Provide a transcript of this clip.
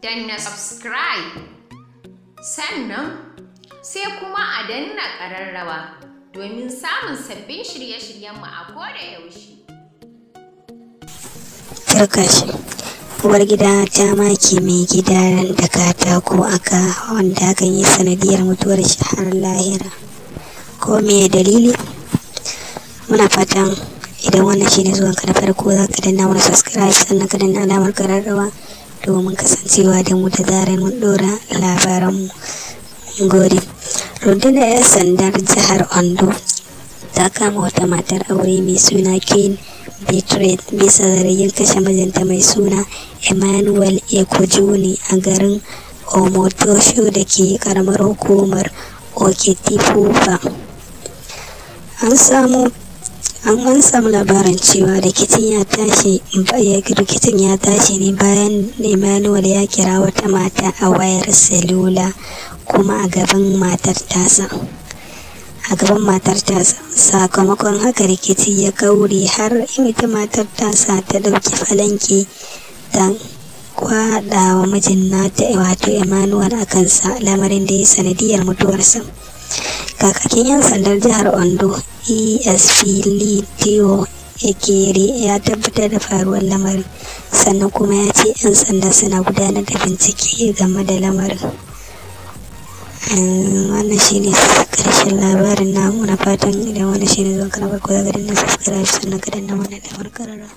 danna subscribe sannan sai kuma a danna ƙararrawa domin samun sabbin shirye-shiryenmu a koda yaushe. Karkashi uwar gida ta maki mai gida da katako aka wanda hakan yi sanadiyar mutuwar shi har lahira ko me dalili muna fatan idan wannan shine ka na farko za ka danna wani subscribe sannan ka danna alamar kararrawa domin kasancewa da mu da zarar mun dora labaranmu gori rundunar 'yan sandar jihar ondo ta kama wata matar aure mai suna kane Detroit bisa zargin kashe mijinta mai suna Emmanuel Ekojuni a garin Omotosho da ke karamar hukumar Okitipupa. An samu an an samu labarin cewa rikicin ya tashi rikicin ya tashi ne bayan emmanuel ya kira wata mata a wayar salula kuma a gaban matar tasa a gaban matar tasa sakamakon haka rikici ya kauri har ita matar tasa ta dauki falanki dan kwaɗawa mijin nata wato emmanuel a kansa lamarin da ya sanadiyar mutuwarsa kakakin 'yan sandar jihar ondo esp litio ekere ya tabbatar da faruwar lamarin sannan kuma ya ce 'yan sanda suna gudanar da bincike game da lamarin uhm, wannan shi ne karshen labarin na fatan idan wani shi zuwa kana farko zaga subscribe sannan ka danna mana da farkararra